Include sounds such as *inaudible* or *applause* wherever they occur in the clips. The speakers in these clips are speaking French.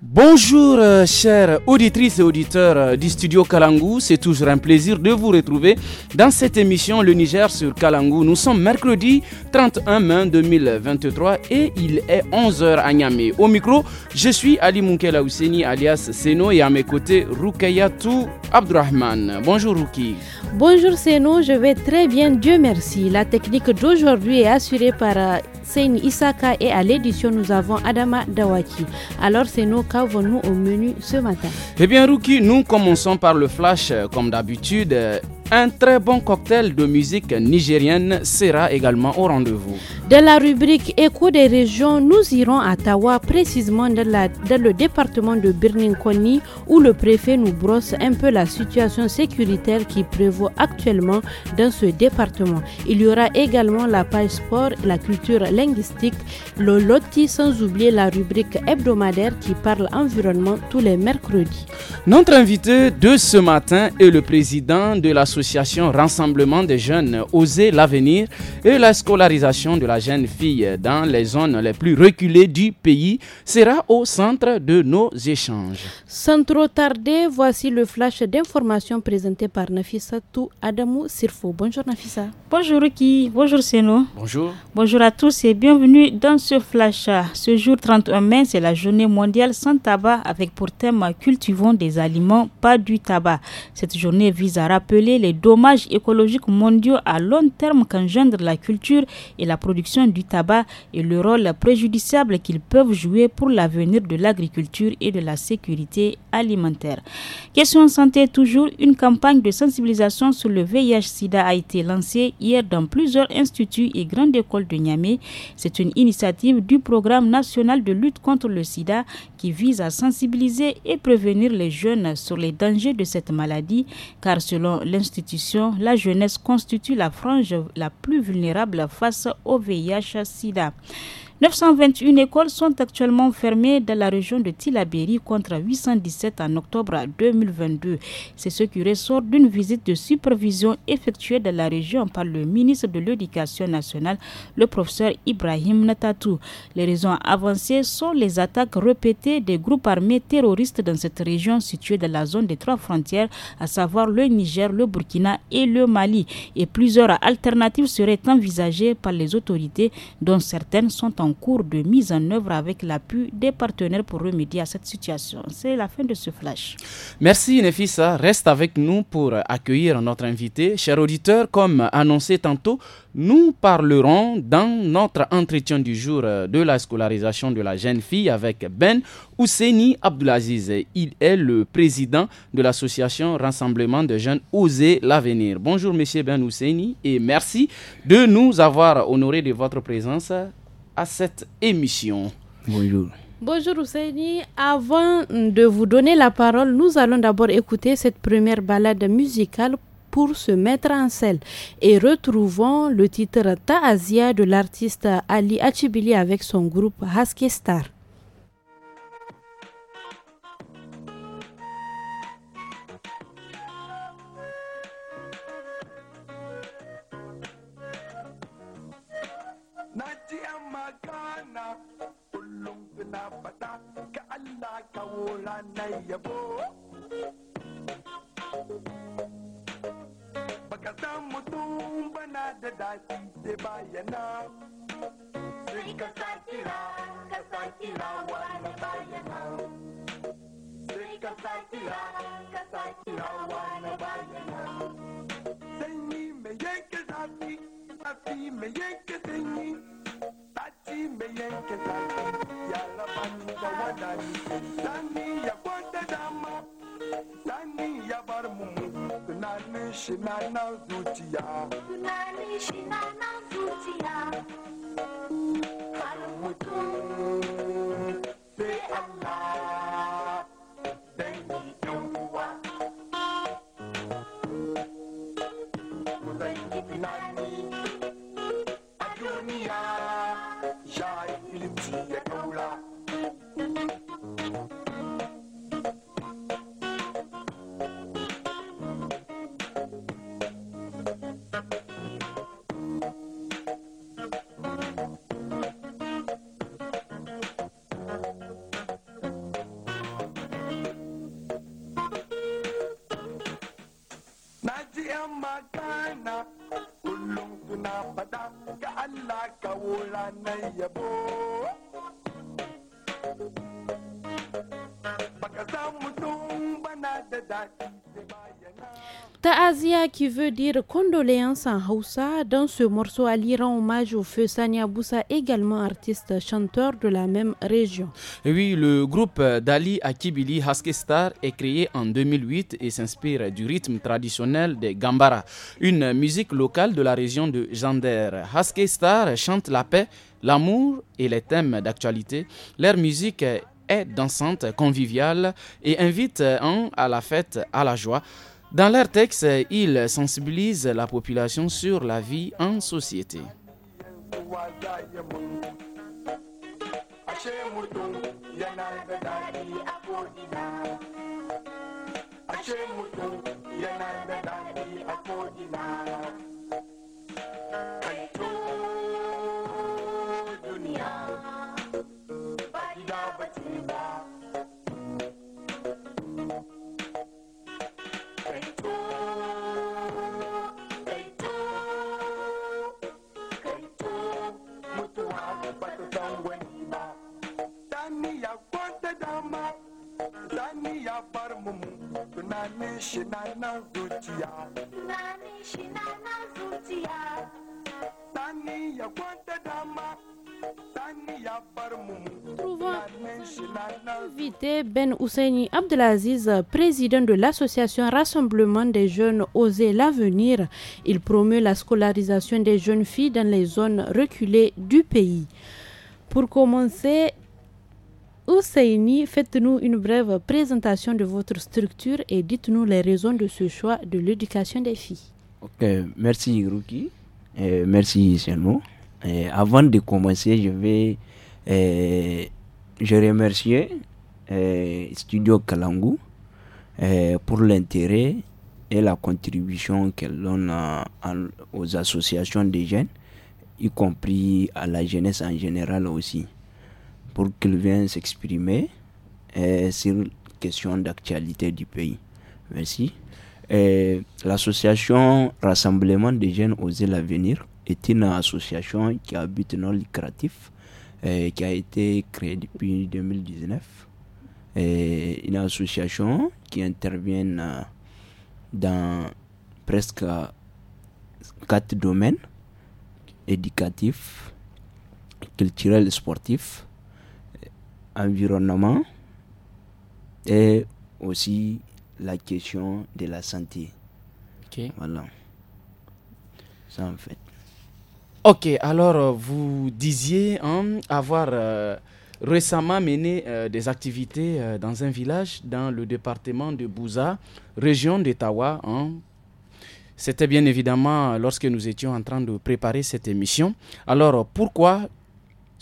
Bonjour chères auditrices et auditeurs du studio Kalangou, c'est toujours un plaisir de vous retrouver dans cette émission Le Niger sur Kalangou. Nous sommes mercredi 31 mai 2023 et il est 11h à Niamey. Au micro, je suis Ali Moukela Ousseni alias Seno et à mes côtés Tou Abdurrahman. Bonjour Ruki. Bonjour Seno, je vais très bien, Dieu merci. La technique d'aujourd'hui est assurée par euh, Seine Isaka et à l'édition nous avons Adama Dawaki. Alors Seno, qu'avons-nous au menu ce matin Eh bien, Rookie, nous commençons par le flash, euh, comme d'habitude. Euh, un très bon cocktail de musique nigérienne sera également au rendez-vous. Dans la rubrique Écho des régions, nous irons à Tawa, précisément dans, le département de Koni, où le préfet nous brosse un peu la situation sécuritaire qui prévaut actuellement dans ce département. Il y aura également la page sport, la culture linguistique, le loti, sans oublier la rubrique hebdomadaire qui parle environnement tous les mercredis. Notre invité de ce matin est le président de l'association Rassemblement des jeunes Oser l'avenir et la scolarisation de la jeune fille dans les zones les plus reculées du pays sera au centre de nos échanges. Sans trop tarder, voici le flash d'information présenté par Nafissa Tou Adamou Sirfo. Bonjour Nafissa. Bonjour Ruki, bonjour Seno. Bonjour. Bonjour à tous et bienvenue dans ce flash. Ce jour 31 mai, c'est la journée mondiale sans tabac avec pour thème cultivons des aliments, pas du tabac. Cette journée vise à rappeler les dommages écologiques mondiaux à long terme qu'engendrent la culture et la production du tabac et le rôle préjudiciable qu'ils peuvent jouer pour l'avenir de l'agriculture et de la sécurité alimentaire. Question santé toujours, une campagne de sensibilisation sur le VIH-Sida a été lancée hier dans plusieurs instituts et grandes écoles de Niamey. C'est une initiative du programme national de lutte contre le sida qui vise à sensibiliser et prévenir les jeunes sur les dangers de cette maladie, car selon l'institution, la jeunesse constitue la frange la plus vulnérable face au VIH-Sida. 921 écoles sont actuellement fermées dans la région de Tilaberi contre 817 en octobre 2022. C'est ce qui ressort d'une visite de supervision effectuée dans la région par le ministre de l'Éducation nationale, le professeur Ibrahim Natatou. Les raisons avancées sont les attaques répétées des groupes armés terroristes dans cette région située dans la zone des trois frontières, à savoir le Niger, le Burkina et le Mali. Et plusieurs alternatives seraient envisagées par les autorités, dont certaines sont en cours de mise en œuvre avec l'appui des partenaires pour remédier à cette situation. C'est la fin de ce flash. Merci Nefissa. Reste avec nous pour accueillir notre invité. Chers auditeurs, comme annoncé tantôt, nous parlerons dans notre entretien du jour euh, de la scolarisation de la jeune fille avec Ben Ouseni Abdulaziz. Il est le président de l'association Rassemblement de jeunes Oser l'avenir. Bonjour Monsieur Ben Ouseni et merci de nous avoir honoré de votre présence à cette émission. Bonjour. Bonjour Avant de vous donner la parole, nous allons d'abord écouter cette première balade musicale pour se mettre en selle et retrouvons le titre Asia de l'artiste Ali Achibili avec son groupe Haske Star. like a wool and a Baka samu tumba na da dashi sai bayana Sai ka sa kira, ka sa kira wani bayana Sai ka sa kira, ka sa kira wani bayana Sanyi mai yanke zafi, zafi mai yanke sanyi shi mai yanke ya raba ni da wadani sani ya dama sani ya bar mu tunanin shi na na zuciya shi na na mutum sai Allah na yabo baka samu mutum bana da daɗi Ta'azia qui veut dire condoléances en Hausa. Dans ce morceau, Ali rend hommage au feu Sania Boussa, également artiste chanteur de la même région. Oui, le groupe d'Ali Akibili Star est créé en 2008 et s'inspire du rythme traditionnel des Gambara, une musique locale de la région de Jander. Star chante la paix, l'amour et les thèmes d'actualité. Leur musique est dansante, conviviale et invite un à la fête, à la joie. Dans leur texte, ils sensibilisent la population sur la vie en société. Nous invité Ben Ousseini Abdelaziz, président de l'association Rassemblement des jeunes Oser l'avenir. Il promeut la scolarisation des jeunes filles dans les zones reculées du pays. Pour commencer, Ousseini, faites-nous une brève présentation de votre structure et dites-nous les raisons de ce choix de l'éducation des filles. Ok, merci Ruki, merci Et Avant de commencer, je vais je remercier Studio Kalangu pour l'intérêt et la contribution qu'elle donne aux associations des jeunes, y compris à la jeunesse en général aussi pour qu'il vienne s'exprimer eh, sur les questions d'actualité du pays. Merci. Eh, l'association Rassemblement des jeunes Oser l'avenir est une association qui habite but non lucratif, et eh, qui a été créée depuis 2019. Et une association qui intervient euh, dans presque quatre domaines éducatif, culturel et sportif environnement et aussi la question de la santé. Ok. Voilà. Ça en fait. Ok, alors euh, vous disiez hein, avoir euh, récemment mené euh, des activités dans un village dans le département de Bouza, région de Hein. C'était bien évidemment lorsque nous étions en train de préparer cette émission. Alors pourquoi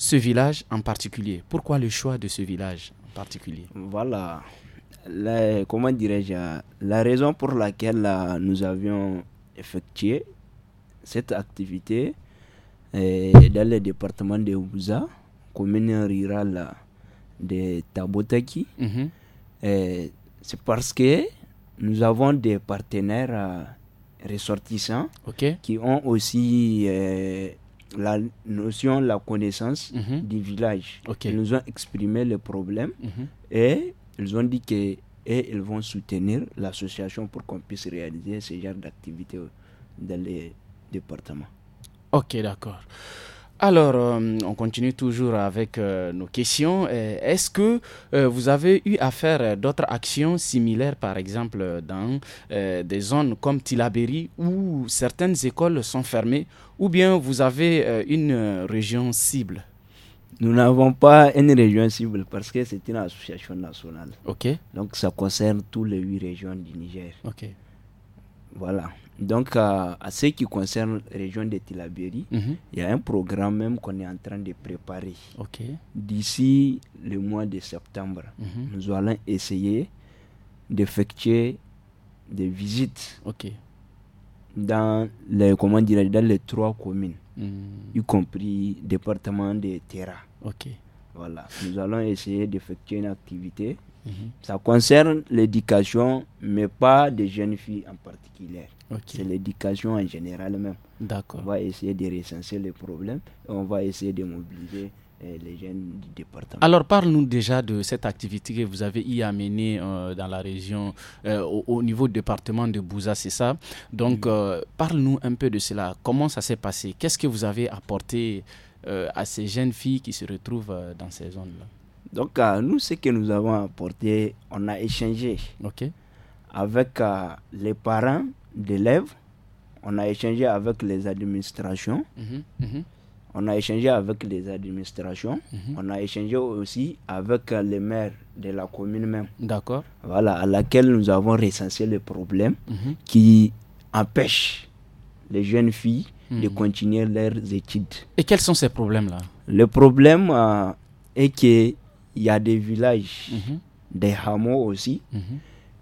ce village en particulier Pourquoi le choix de ce village en particulier Voilà. comment dirais-je La raison pour laquelle euh, nous avions effectué cette activité euh, dans le département de Ouza, commune rurale de Tabotaki, mhm. euh, c'est parce que nous avons des partenaires ressortissants qui ont aussi la notion, la connaissance mhm. du village. Ils nous ont exprimé le problème mhm. et ils ont dit que et ils vont soutenir l'association pour qu'on puisse réaliser ce genre d'activités dans les départements. Ok, d'accord. Alors, euh, on continue toujours avec euh, nos questions. Euh, est-ce que vous avez eu à faire d'autres actions similaires, par exemple, dans des zones comme Tilaberi où certaines écoles sont fermées, ou bien vous avez une région cible Nous n'avons pas une région cible parce que c'est une association nationale. Ok. Donc, ça concerne toutes les huit régions du Niger. Ok. Voilà. Donc, à, ce qui concerne la région de Tilaberi, mhm. il y a un programme même qu'on est en train de préparer. D'ici le mois de septembre, mhm. nous allons essayer d'effectuer des visites dans, les, les trois communes, mhm. y compris le département de Tera. Voilà, nous allons essayer d'effectuer une activité Mhm. Ça concerne l'éducation, mais pas des jeunes filles en particulier. C'est l'éducation en général même. D'accord. On va essayer de recenser les problèmes et on va essayer de mobiliser euh, les jeunes du département. Alors parle-nous déjà de cette activité que vous avez y amenée euh, dans la région, euh, au, niveau du département de Bouza, c'est ça Donc mhm. parle-nous un peu de cela. Comment ça s'est passé Qu'est-ce que vous avez apporté à ces jeunes filles qui se retrouvent dans ces zones-là donc, euh, nous, ce que nous avons apporté, on a échangé avec euh, les parents d'élèves, on a échangé avec les administrations, mhm, mhm. on a échangé avec les administrations, mhm. on a échangé aussi avec euh, les maires de la commune même. D'accord. Voilà, à laquelle nous avons recensé les problèmes qui empêchent les jeunes filles de continuer leurs études. Et quels sont ces problèmes-là Le problème est que il y a des villages, mhm. des hameaux aussi. Mhm.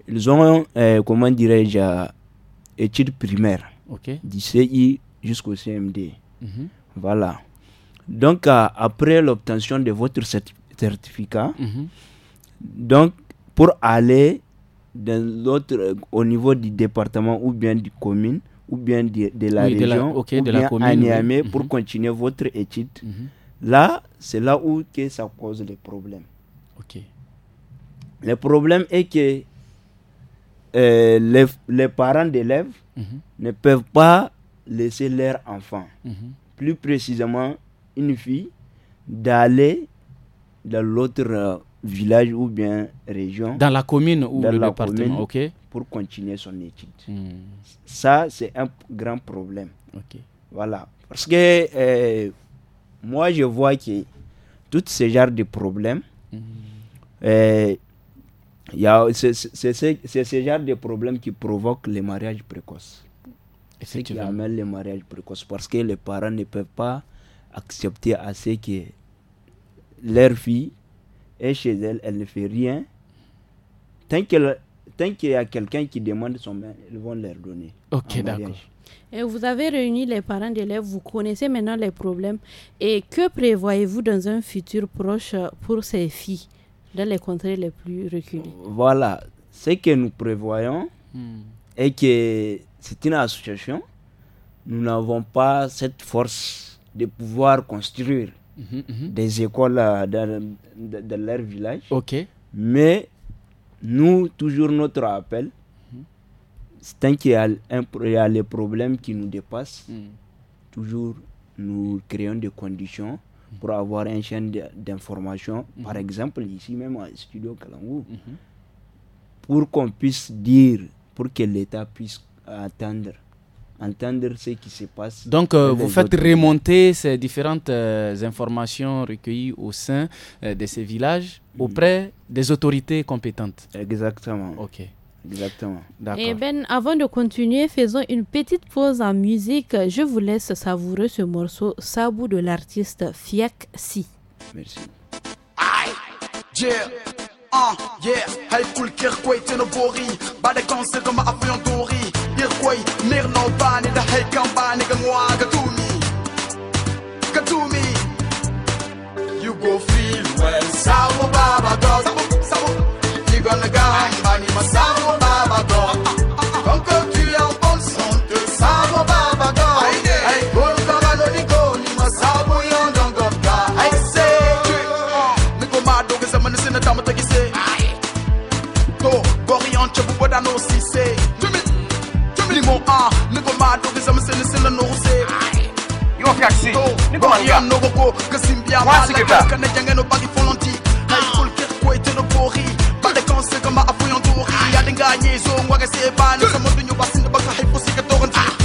Ils ont, euh, comment dirais-je, euh, études primaires, du CI jusqu'au CMD. Mhm. Voilà. Donc, euh, après l'obtention de votre certificat, donc, pour aller dans l'autre, au niveau du département ou bien du commune, ou bien de, la région, de de la commune, à Niamey pour continuer votre étude. Là, c'est là où que ça pose les problèmes. Ok. Le problème est que euh, les, parents d'élèves mhm. ne peuvent pas laisser leur enfant, mhm. plus précisément une fille, d'aller dans l'autre euh, village ou bien région. Dans la commune ou dans le département, ok. Pour continuer son étude. Hmm. Ça, c'est un grand problème. Ok. Voilà. Parce que euh, moi je vois que tout ce genre de problèmes, eh, c'est ce genre de problèmes qui provoquent les mariages précoces. ce qui amène les mariages précoces parce que les parents ne peuvent pas accepter assez que leur fille est chez elle, elle ne fait rien. Tant qu'il y a quelqu'un qui demande son main, ils vont leur donner. Ok, d'accord. Et vous avez réuni les parents d'élèves, vous connaissez maintenant les problèmes. Et que prévoyez-vous dans un futur proche pour ces filles dans les contrées les plus reculées Voilà, ce que nous prévoyons hmm. est que c'est une association. Nous n'avons pas cette force de pouvoir construire mhm, mhm. des écoles euh, dans, dans, leur village. Ok. Mais nous, toujours notre appel, tant qu'il y, a les problèmes qui nous dépassent, mm. toujours nous créons des conditions pour avoir une chaîne d'information, mm-hmm. par exemple ici même à Studio Kalangou, mm-hmm. pour qu'on puisse dire, pour que l'État puisse attendre entendre ce qui se passe. Donc, euh, vous faites remonter ces différentes euh, informations recueillies au sein euh, de ces villages mm. auprès des autorités compétentes. Exactement. OK. Exactement. Et eh ben, avant de continuer, faisons une petite pause en musique. Je vous laisse savourer ce morceau Sabou de l'artiste Fiak Si. Merci. You go feel I know she say. Jimmy, Jimmy, more ah, nigga mad dog is I'm saying this in the nose. You want to see? Nigga man, you no go cause him be a bad like that. Can I jangle nobody fall on tea? I full get quite to the bori. But the consequence of my appointment ah. to Ria Dinganye, so I'm going to say, Ban, someone you was in the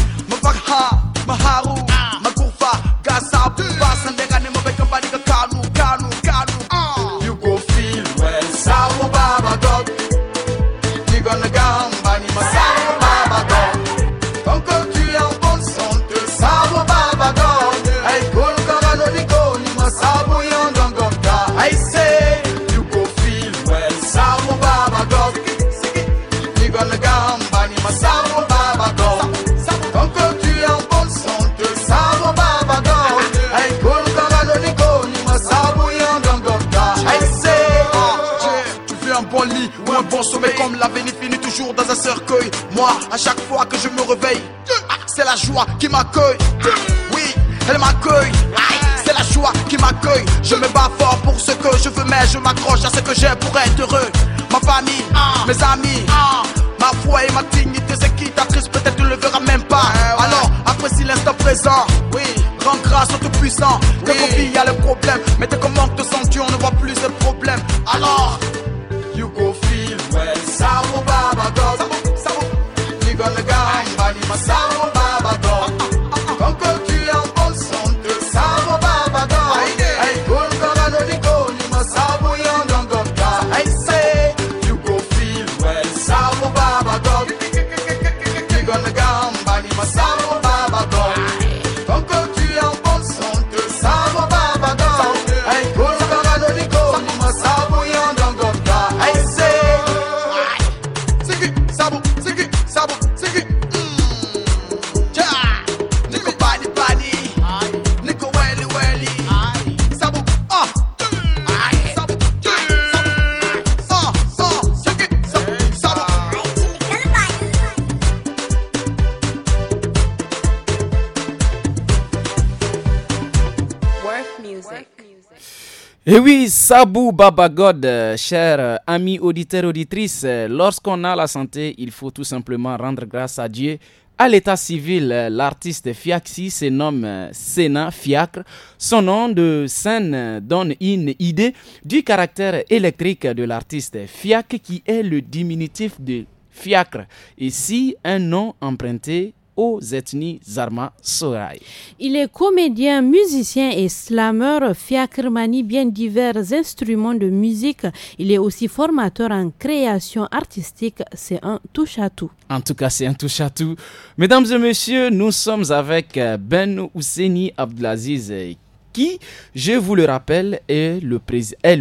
joie qui m'accueille. Oui, elle m'accueille. C'est la joie qui m'accueille. Je me bats fort pour ce que je veux, mais je m'accroche à ce que j'ai pour être heureux. Ma famille, mes amis Et eh oui, Sabou Babagod, euh, chers euh, amis auditeurs, auditrices, euh, lorsqu'on a la santé, il faut tout simplement rendre grâce à Dieu. À l'état civil, l'artiste Fiaxi se nomme Sénat Fiacre. Son nom de scène donne une idée du caractère électrique de l'artiste Fiacre qui est le diminutif de Fiacre. Ici, un nom emprunté aux ethnies Zarma Il est comédien, musicien et slameur, fiakrmani bien divers instruments de musique. Il est aussi formateur en création artistique. C'est un touche-à-tout. En tout cas, c'est un touche-à-tout. Mesdames et messieurs, nous sommes avec euh, Ben Ouseni Abdelaziz euh, qui, je vous le rappelle, est le,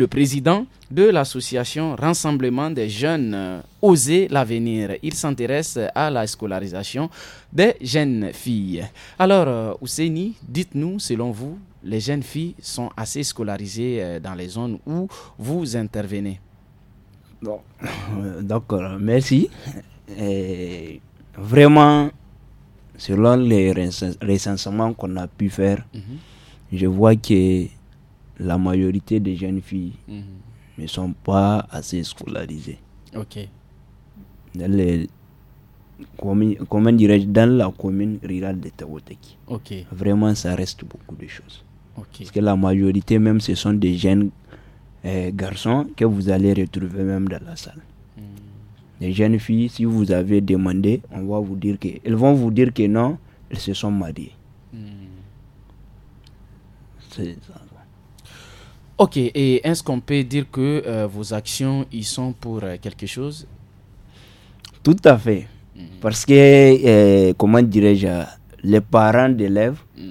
président de l'association Rassemblement des jeunes euh, Oser l'avenir. Il s'intéresse à la scolarisation des jeunes filles. Alors, euh, Ouseni, dites-nous, selon vous, les jeunes filles sont assez scolarisées euh, dans les zones où vous intervenez Donc, merci. vraiment, selon les recensements qu'on a pu faire, mhm je vois que la majorité des jeunes filles mhm. ne sont pas assez scolarisées. Ok. Dans la commune rurale de Tawoteki. Vraiment, ça reste beaucoup de choses. Parce que la majorité, même, ce sont des jeunes euh, garçons que vous allez retrouver même dans la salle. Hmm. Les jeunes filles, si vous avez demandé, on va vous dire que, elles vont vous dire que non, elles se sont mariées. Ok, et est-ce qu'on peut dire que euh, vos actions y sont pour euh, quelque chose Tout à fait. Mm. Parce que, euh, comment dirais-je, les parents d'élèves, mm.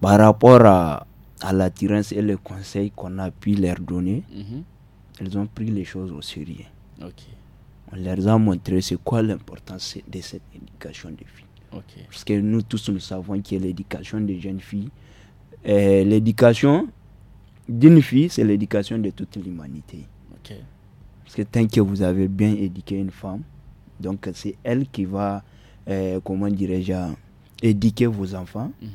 par rapport à, à l'attirance et le conseil qu'on a pu leur donner, mm-hmm. ils ont pris les choses au sérieux. On leur a montré c'est quoi l'importance de cette éducation des filles. Parce que nous tous, nous savons que l'éducation des jeunes filles, eh, l'éducation d'une fille, c'est l'éducation de toute l'humanité. Parce que tant que vous avez bien éduqué une femme, donc c'est elle qui va, eh, comment dirais-je, éduquer vos enfants. Mhm.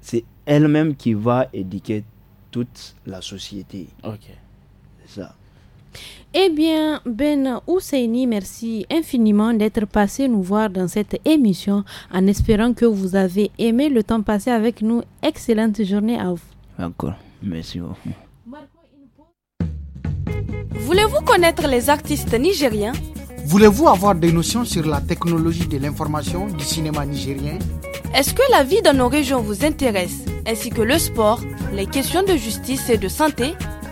C'est elle-même qui va éduquer toute la société. C'est ça. Eh bien, Ben Ousseini, merci infiniment d'être passé nous voir dans cette émission en espérant que vous avez aimé le temps passé avec nous. Excellente journée à vous. Encore, merci beaucoup. Voulez-vous connaître les artistes nigériens Voulez-vous avoir des notions sur la technologie de l'information du cinéma nigérien Est-ce que la vie dans nos régions vous intéresse, ainsi que le sport, les questions de justice et de santé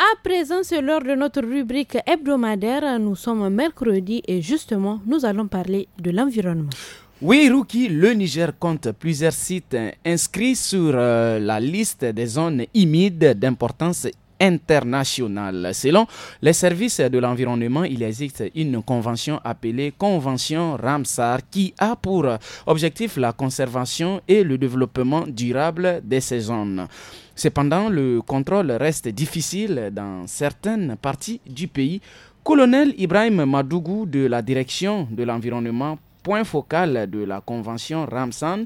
À présent, c'est l'heure de notre rubrique hebdomadaire. Nous sommes mercredi et justement, nous allons parler de l'environnement. Oui, Ruki, le Niger compte plusieurs sites inscrits sur euh, la liste des zones humides d'importance international. Selon les services de l'environnement, il existe une convention appelée Convention Ramsar qui a pour objectif la conservation et le développement durable de ces zones. Cependant, le contrôle reste difficile dans certaines parties du pays. Colonel Ibrahim Madougou de la direction de l'environnement, point focal de la convention Ramsan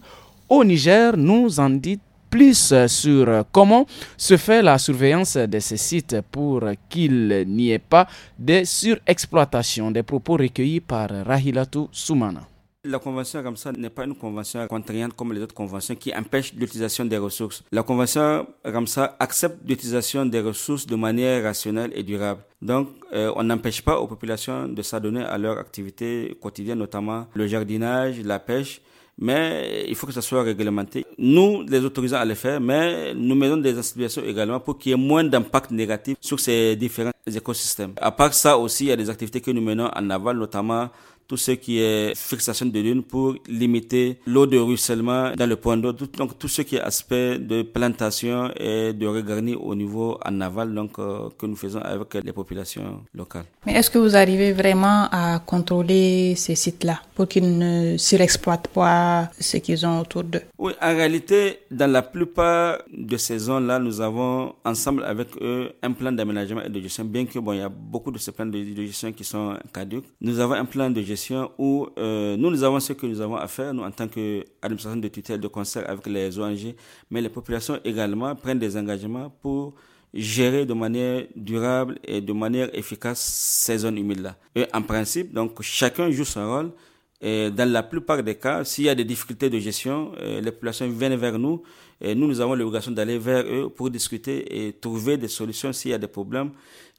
au Niger, nous en dit plus euh, sur euh, comment se fait la surveillance de ces sites pour qu'il n'y ait pas de surexploitation des propos recueillis par Rahilatu Soumana. La convention comme ça n'est pas une convention contraignante comme les autres conventions qui empêchent l'utilisation des ressources. La convention comme ça accepte l'utilisation des ressources de manière rationnelle et durable. Donc, euh, on n'empêche pas aux populations de s'adonner à leur activité quotidienne, notamment le jardinage, la pêche, mais il faut que ça soit réglementé. Nous les autorisons à le faire, mais nous mettons des incitations également pour qu'il y ait moins d'impact négatif sur ces différents écosystèmes. À part ça aussi, il y a des activités que nous menons en aval, notamment tout ce qui est fixation de dunes pour limiter l'eau de ruissellement dans le point d'eau, donc tout ce qui est aspect de plantation et de regarnir au niveau en aval donc, euh, que nous faisons avec les populations locales. Mais est-ce que vous arrivez vraiment à contrôler ces sites-là pour qu'ils ne surexploitent pas ce qu'ils ont autour d'eux Oui, en réalité, dans la plupart de ces zones-là, nous avons ensemble avec eux un plan d'aménagement et de gestion, bien que bon, il y a beaucoup de ces plans de, de gestion qui sont caduques. Nous avons un plan de gestion où euh, nous, nous avons ce que nous avons à faire, nous, en tant qu'administration de tutelle de concert avec les ONG, mais les populations également prennent des engagements pour gérer de manière durable et de manière efficace ces zones humides-là. en principe, donc, chacun joue son rôle et dans la plupart des cas, s'il y a des difficultés de gestion, euh, les populations viennent vers nous et nous, nous avons l'obligation d'aller vers eux pour discuter et trouver des solutions s'il y a des problèmes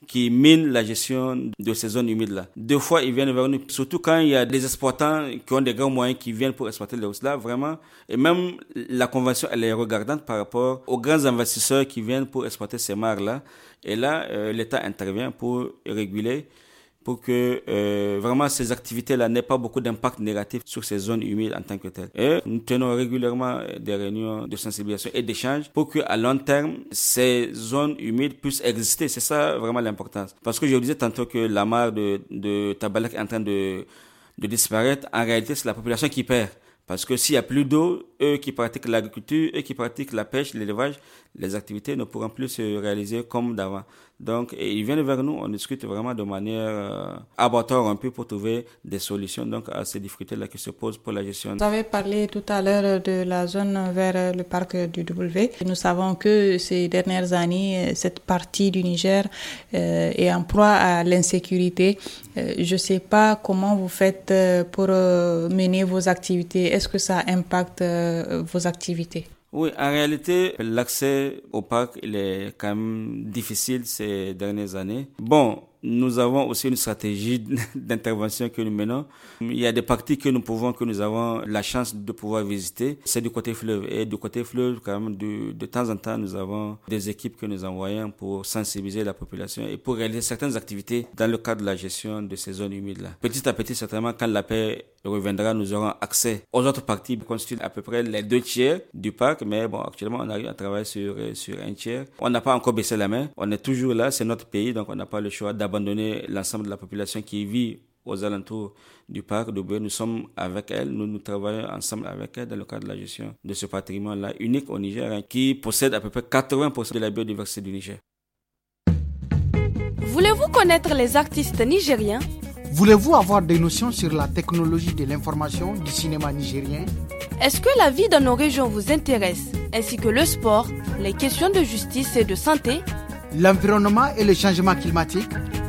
qui minent la gestion de ces zones humides-là. Deux fois, ils viennent vers nous, surtout quand il y a des exploitants qui ont des grands moyens qui viennent pour exploiter les là vraiment. Et même la convention, elle est regardante par rapport aux grands investisseurs qui viennent pour exploiter ces mares-là. Et là, euh, l'État intervient pour réguler pour que euh, vraiment ces activités-là n'aient pas beaucoup d'impact négatif sur ces zones humides en tant que telles. Et nous tenons régulièrement des réunions de sensibilisation et d'échange pour que à long terme ces zones humides puissent exister. C'est ça vraiment l'importance. Parce que je vous disais tantôt que la mare de, de Tabalak est en train de, de disparaître. En réalité, c'est la population qui perd. Parce que s'il n'y a plus d'eau, eux qui pratiquent l'agriculture, eux qui pratiquent la pêche, l'élevage, les activités ne pourront plus se réaliser comme d'avant. Donc, ils viennent vers nous, on discute vraiment de manière euh, un peu pour trouver des solutions donc, à ces difficultés-là qui se posent pour la gestion. Vous avez parlé tout à l'heure de la zone vers le parc du W. Nous savons que ces dernières années, cette partie du Niger euh, est en proie à l'insécurité. Euh, je ne sais pas comment vous faites euh, pour mener vos activités. Est-ce que ça impacte vos activités oui, en réalité, l'accès au parc, il est quand même difficile ces dernières années. Bon, nous avons aussi une stratégie *laughs* d'intervention que nous menons. Il y a des parties que nous pouvons, que nous avons la chance de pouvoir visiter. C'est du côté fleuve. Et du côté fleuve, quand même, de, de temps en temps, nous avons des équipes que nous envoyons pour sensibiliser la population et pour réaliser certaines activités dans le cadre de la gestion de ces zones humides-là. Petit à petit, certainement, quand la paix reviendra, nous aurons accès aux autres parties qui constituent à peu près les deux tiers du parc. Mais bon, actuellement, on arrive à travailler sur, sur un tiers. On n'a pas encore baissé la main. On est toujours là. C'est notre pays, donc on n'a pas le choix d'abord l'ensemble de la population qui vit aux alentours du parc de Nous sommes avec elle, nous, nous travaillons ensemble avec elle dans le cadre de la gestion de ce patrimoine-là unique au Niger, hein, qui possède à peu près 80% de la biodiversité du Niger. Voulez-vous connaître les artistes nigériens Voulez-vous avoir des notions sur la technologie de l'information du cinéma nigérien Est-ce que la vie dans nos régions vous intéresse, ainsi que le sport, les questions de justice et de santé L'environnement et le changement climatique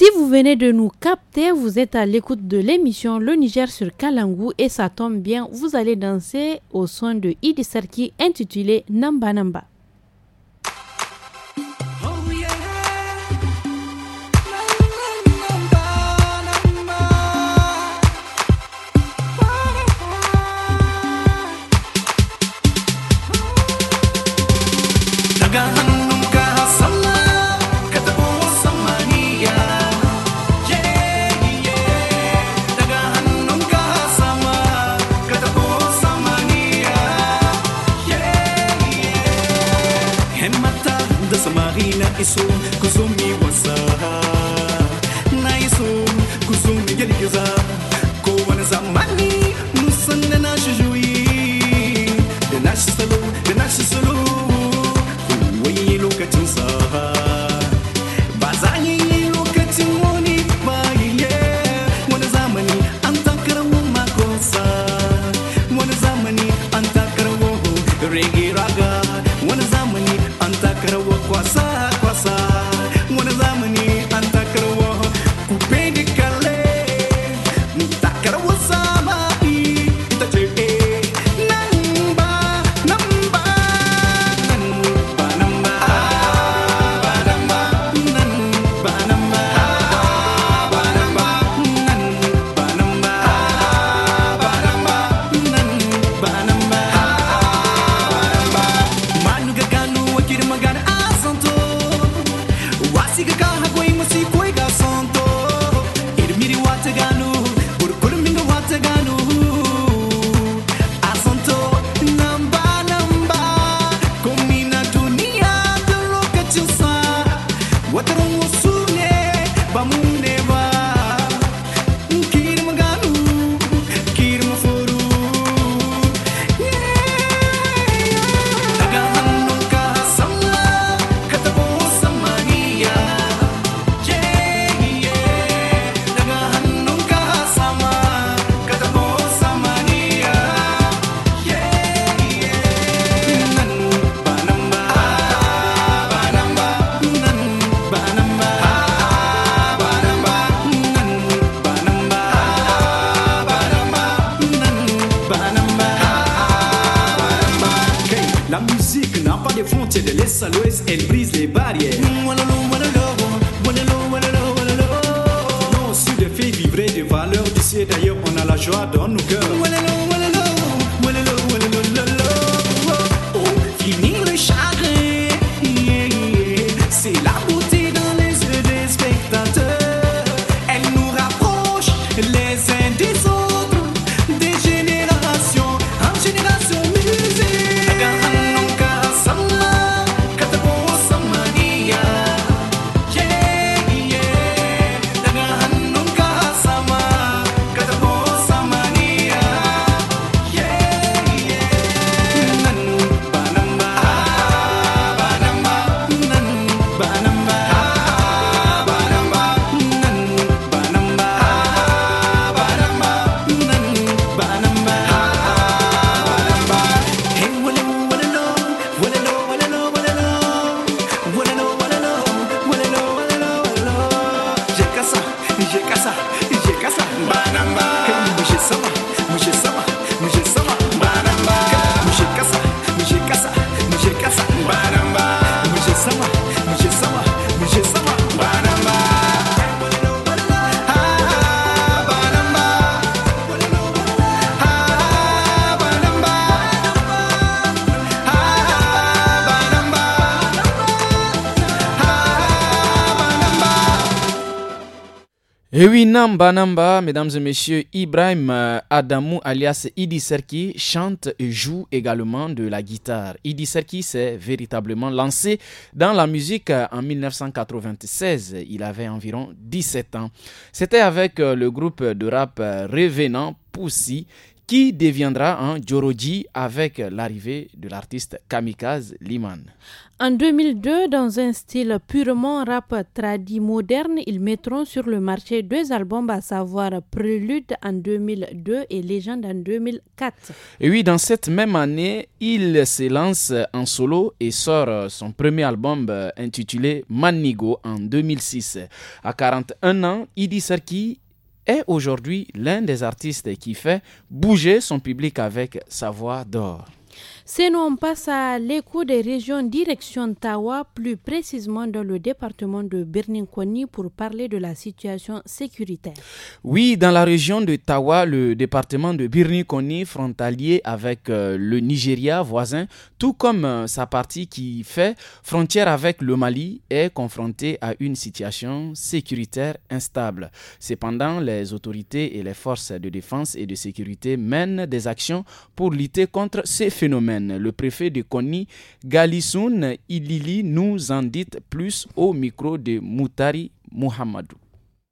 Si vous venez de nous capter, vous êtes à l'écoute de l'émission Le Niger sur Kalangu et ça tombe bien, vous allez danser au son de Idi Sarki intitulé Namba Namba. mesdames et messieurs, Ibrahim euh, Adamou alias Idi Serki chante et joue également de la guitare. Idi Serki s'est véritablement lancé dans la musique euh, en 1996. Il avait environ 17 ans. C'était avec euh, le groupe de rap Revenant Pussy qui deviendra un Joroji avec l'arrivée de l'artiste Kamikaze Liman. En 2002, dans un style purement rap tradit moderne, ils mettront sur le marché deux albums, à savoir Prélude en 2002 et Légende en 2004. Et oui, dans cette même année, il se lance en solo et sort son premier album euh, intitulé Manigo en 2006. À 41 ans, Idi Serki est aujourd'hui l'un des artistes qui fait bouger son public avec sa voix d'or. Sinon, on passe à l'écho des régions direction Tawa, plus précisément dans le département de Koni, pour parler de la situation sécuritaire. Oui, dans la région de Tawa, le département de Koni, frontalier avec euh, le Nigeria voisin, tout comme euh, sa partie qui fait frontière avec le Mali, est confronté à une situation sécuritaire instable. Cependant, les autorités et les forces de défense et de sécurité mènent des actions pour lutter contre ces phénomènes. Le préfet de Koni, Galissoun Ilili, nous en dit plus au micro de Moutari Mohamadou.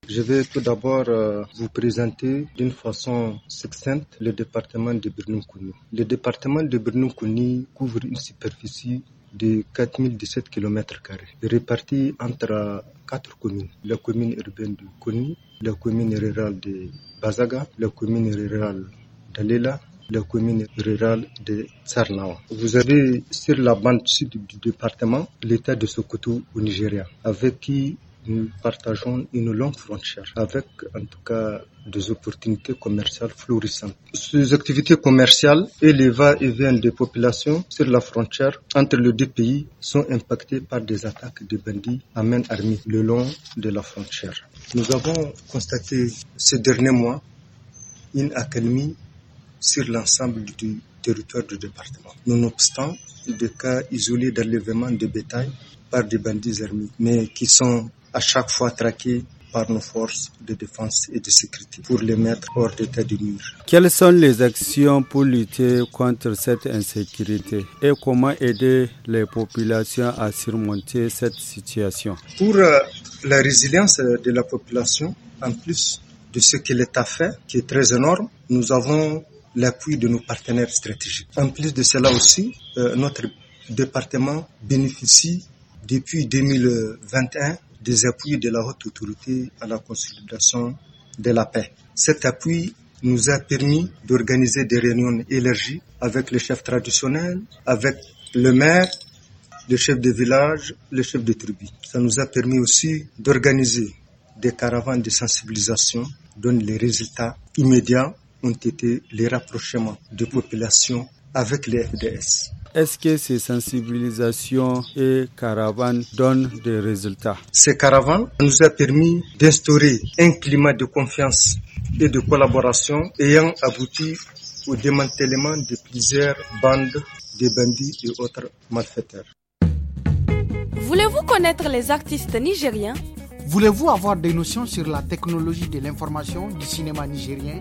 Je vais tout d'abord euh, vous présenter d'une façon succincte le département de Birnoukouni. Le département de Birnoukouni couvre une superficie de 4017 km, répartie entre quatre communes. La commune urbaine de Koni, la commune rurale de Bazaga, la commune rurale d'Alela la commune rurale de Tsarnawa. Vous avez sur la bande sud du département l'état de Sokoto au Nigeria, avec qui nous partageons une longue frontière avec en tout cas des opportunités commerciales florissantes. Ces activités commerciales et les va-et-vient des populations sur la frontière entre les deux pays sont impactées par des attaques de bandits à main armée le long de la frontière. Nous avons constaté ces derniers mois une accalmie sur l'ensemble du territoire du département. Nonobstant des cas isolés d'enlèvement de bétail par des bandits armés, mais qui sont à chaque fois traqués par nos forces de défense et de sécurité pour les mettre hors d'état de nuire. Quelles sont les actions pour lutter contre cette insécurité et comment aider les populations à surmonter cette situation Pour euh, la résilience euh, de la population, en plus de ce que l'État fait, qui est très énorme, nous avons l'appui de nos partenaires stratégiques. En plus de cela aussi, euh, notre département bénéficie depuis 2021 des appuis de la haute autorité à la consolidation de la paix. Cet appui nous a permis d'organiser des réunions élargies avec les chefs traditionnels, avec le maire, les chefs de village, les chefs de tribu. Ça nous a permis aussi d'organiser des caravanes de sensibilisation donnent les résultats immédiats ont été les rapprochements de populations avec les FDS. Est-ce que ces sensibilisations et caravanes donnent des résultats Ces caravanes nous ont permis d'instaurer un climat de confiance et de collaboration ayant abouti au démantèlement de plusieurs bandes de bandits et autres malfaiteurs. Voulez-vous connaître les artistes nigériens Voulez-vous avoir des notions sur la technologie de l'information du cinéma nigérien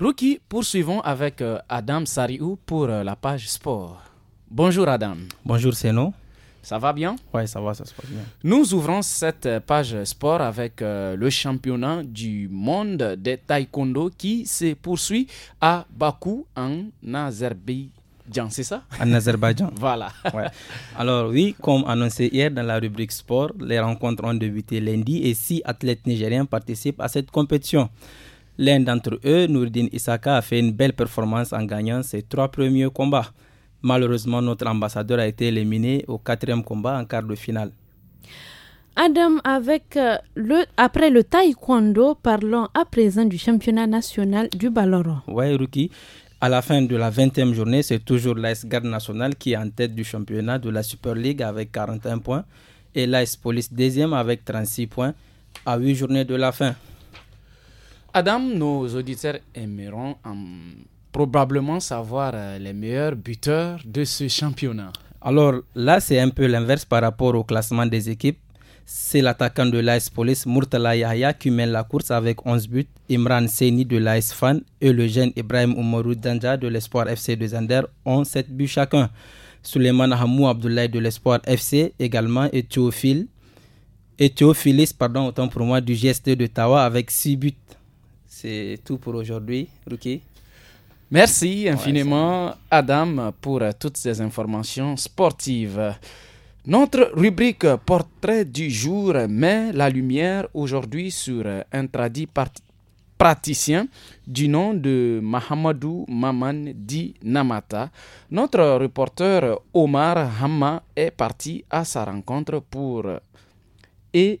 Ruki, poursuivons avec euh, Adam Sariou pour euh, la page sport. Bonjour Adam. Bonjour Seno. Ça va bien Oui, ça va, ça se passe bien. Nous ouvrons cette euh, page sport avec le championnat du monde des taekwondo qui se poursuit à Bakou en Azerbaïdjan, c'est ça En Azerbaïdjan. *laughs* voilà. Alors oui, comme annoncé hier dans la rubrique sport, les rencontres ont débuté lundi et six athlètes nigériens participent à cette compétition. L'un d'entre eux, Nourdin Isaka, a fait une belle performance en gagnant ses trois premiers combats. Malheureusement, notre ambassadeur a été éliminé au quatrième combat en quart de finale. Adam, avec euh, le, après le taekwondo, parlons à présent du championnat national du ballon Oui, Ruki. À la fin de la 20e journée, c'est toujours l'AS Garde nationale qui est en tête du championnat de la Super League avec 41 points et l'AS Police deuxième avec 36 points à 8 journées de la fin. Madame, nos auditeurs aimeront probablement savoir euh, les meilleurs buteurs de ce championnat. Alors là, c'est un peu l'inverse par rapport au classement des équipes. C'est l'attaquant de l'AS Police, Murtala Yahya, qui mène la course avec 11 buts. Imran Seni de l'AS Fan et le jeune Ibrahim Oumarou Danja de l'Espoir FC de Zander ont 7 buts chacun. Suleiman Hamou Abdoulaye de l'Espoir FC également et Théophile. pardon, autant pour moi, du GST de Tawa avec 6 buts. C'est tout pour aujourd'hui, Ruki. Merci infiniment, Adam, pour toutes ces informations sportives. Notre rubrique Portrait du jour met la lumière aujourd'hui sur un tradit praticien du nom de Mahamadou Maman Di Namata. Notre reporter Omar Hamma est parti à sa rencontre pour et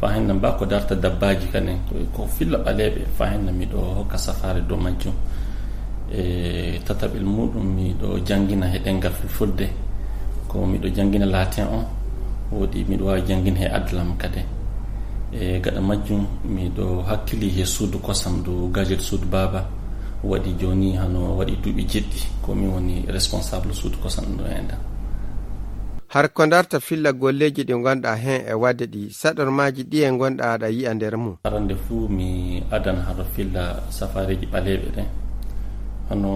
fa hen no mba ko darta dabbaji kanen ko filla ɓaleɓe fa hen no miɗo hokka safari dow majjum e tataɓel muɗum miɗo jangguina he ɗengal fulfulde ko miɗo jangguina latin on woɗi miɗo wawi jangguina he adlam kadi e gaɗa majjum miɗo hakkili he suudu kosam do gadjet suudu baba waɗi joni hano waɗi duuɓi jeɗɗi komin woni responsable suudu kosam ɗo henda har ko darta filla golleji ɗi gonɗa hen e wadde ɗi saɗormaji ɗi e gonɗa aɗa yiya nder mum arande fuu mi adan har filla safariji ɓaleɓe ɗen hono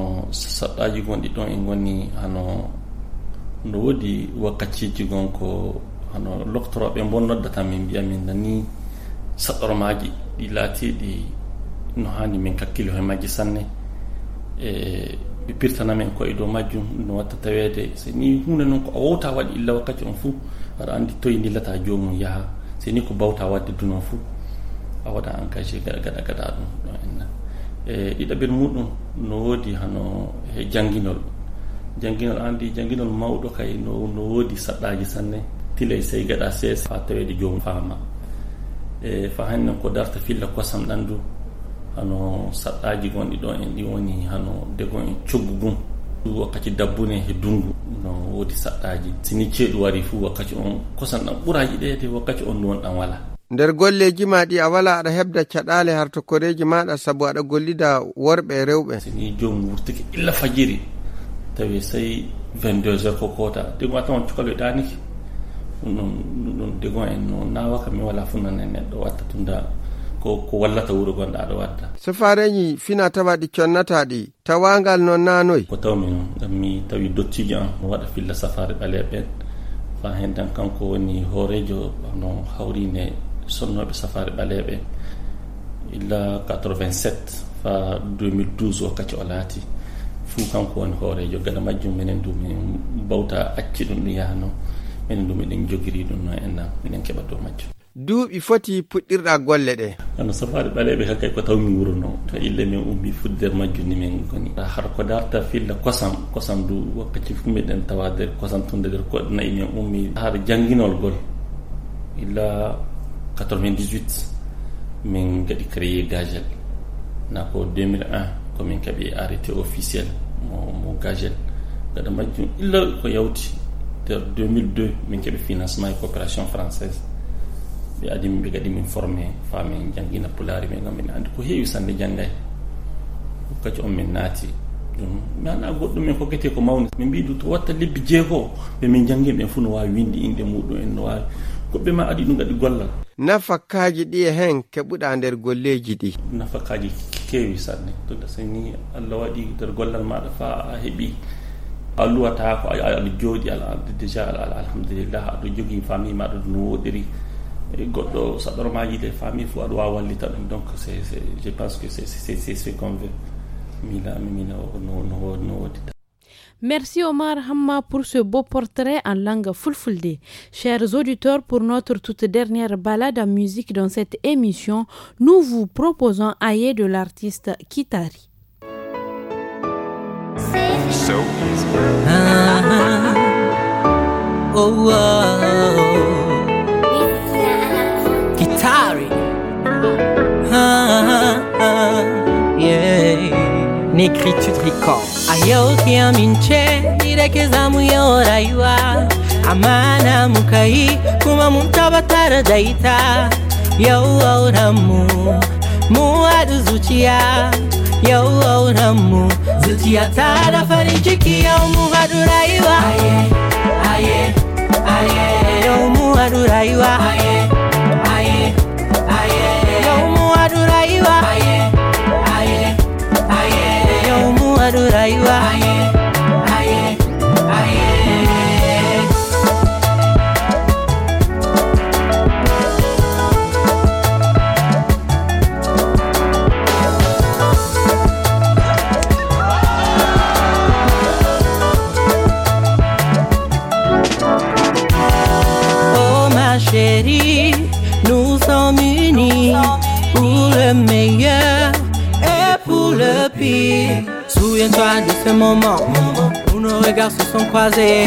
saɗɗaji gonɗi ɗon e goni hano no woodi wakkatiji gon ko hano loktoroɓe bonnodda tan min mbiya min nani saɗɗormaji ɗi laatiɗi no hani min kakkili hoye majji sanne e ɓe pirtanamen koye dow majjum ɗum watta tawede soni hunde noon ko a wowta waɗi illa wakkati on fuu aɗa andi toye dillata jomum yaaha soni ko bawta wadde dunon fuu a waɗa engagé gaɗa gaɗa gaɗa ɗum ɗo enna e ɗiɗaɓel muɗum no woodi hano e jangguinol jangguinol andi jangguinol mawɗo kay no no woodi saɗɗaji sanne tiley sey gaɗa sees fa tawede jomum faama e fa hannen ko darta filla kosam ɗan du hano saɗaji gonɗi ɗon en ɗi woni hano degon en ɗum wakkati dabbune he dungu no woodi saɗaji sini ceeɗu wari fuu wakkati on kosan ɗan ɓuraji ɗe te wakkati on ɗuwon ɗan wala nder golleji ɗi a wala aɗa hebda caɗale har tokkoreji maɗa saabu aɗa gollida worɓe e rewɓe sini jom wurtiki illa fajiri tawi sai 22 heures ko kota degon a tawan cukalo ɗaniki ɗum ɗum degon en no nawaka mi wala fu nanen neɗɗo watta tunda ko, ko wallata wuro gonɗa aɗa wadda so fareji fina tawaɗi connataɗi tawagal noon nanoy ko tawmin gam mi tawi dottijo an mo waɗa filla safare ɓaleɓen fa hen tan kanko woni hoorejo no hawrine sonnoɓe safare ɓaleɓe illa 87 fa 2012 wakkati o laati fuu kanko woni hoorejo gada majjum minen du min bawta acci ɗum ɗum yahano minen du miɗen jogiri ɗum en nan minen keɓa dow majjum duuɓi foti puɗɗirɗa golle ɗe hono safaade ɓaleeɓe hakkay ko tawmi wurno to illa min ummi fudde majjunni min goni har ko darta filla kosam kosam du wakkati fu miɗen tawade nder kosam tunde nder koɗe nayi min ummi har jannginolgol illa 98 min gaɗi créé gagel na ko 2001 komin kaɓi arrêté officiel mo mo gagel gaɗa majjum illa ko yawti nder 2002 min keɓi financement e coopération française ɓe adimi ɓe gadi min formé famin jangina pulari ɓe gam min andi ko heewi sanne janggay wakkati on min naati ɗum mi ana goɗɗum min e kokkete ko mawni min mbiɗu to watta lebbi jeegoo ɓe min jangin ɓen fuu no wawi winde inde muɗum en no wawi goɓɓe ma aɗi ɗum gadi gollal nafakaji ɗi e hen keɓuɗa nder golleji ɗi nafakaji kewi sanne to dasani allah waɗi nder gollal maɗa fa a heeɓi a luwata ko aɗa jooɗi ala déjà ala alhamdulillah aɗa jogui famille maɗa no woɗiri Merci Omar Hamma pour ce beau portrait en langue fulfulde. Chers auditeurs, pour notre toute dernière balade en musique dans cette émission, nous vous proposons Aïe de l'artiste Kitari. Negritude Record. Ayau oh, kiaminche nirekeza muyo oh, rayuwa amana mukai kuma muntabatara daita yau auramu oh, Muadu adu zuciya yau aurenmu zuciya ta da farin muadu raiwa Aye, aye aye yau muadu raiwa rayuwa aye aye aye yau mu haɗu aye, aye rayuwa Souviens-toi de ce moment où nos regards se sont croisés.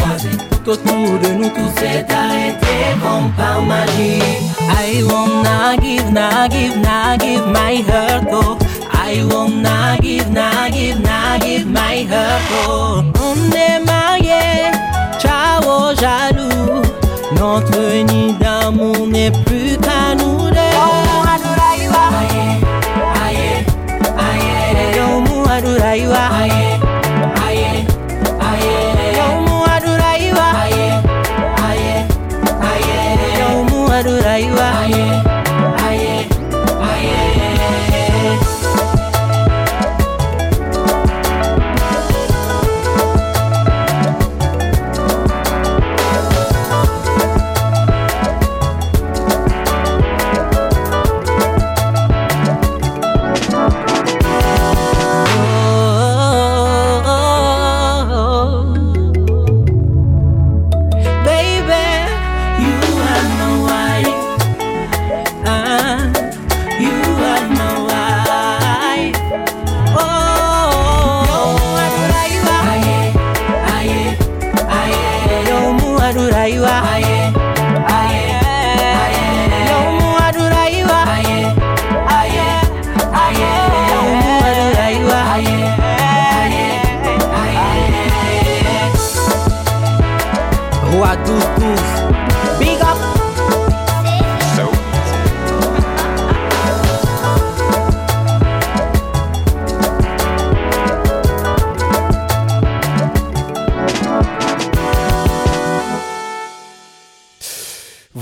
Tout autour de nous, tout s'est arrêté comme par magie. I not give, na give, na give my heart, oh. I not give, na give, na give my heart, oh. On est mariés, ciao jaloux. Notre nid d'amour n'est plus qu'à nous. る愛は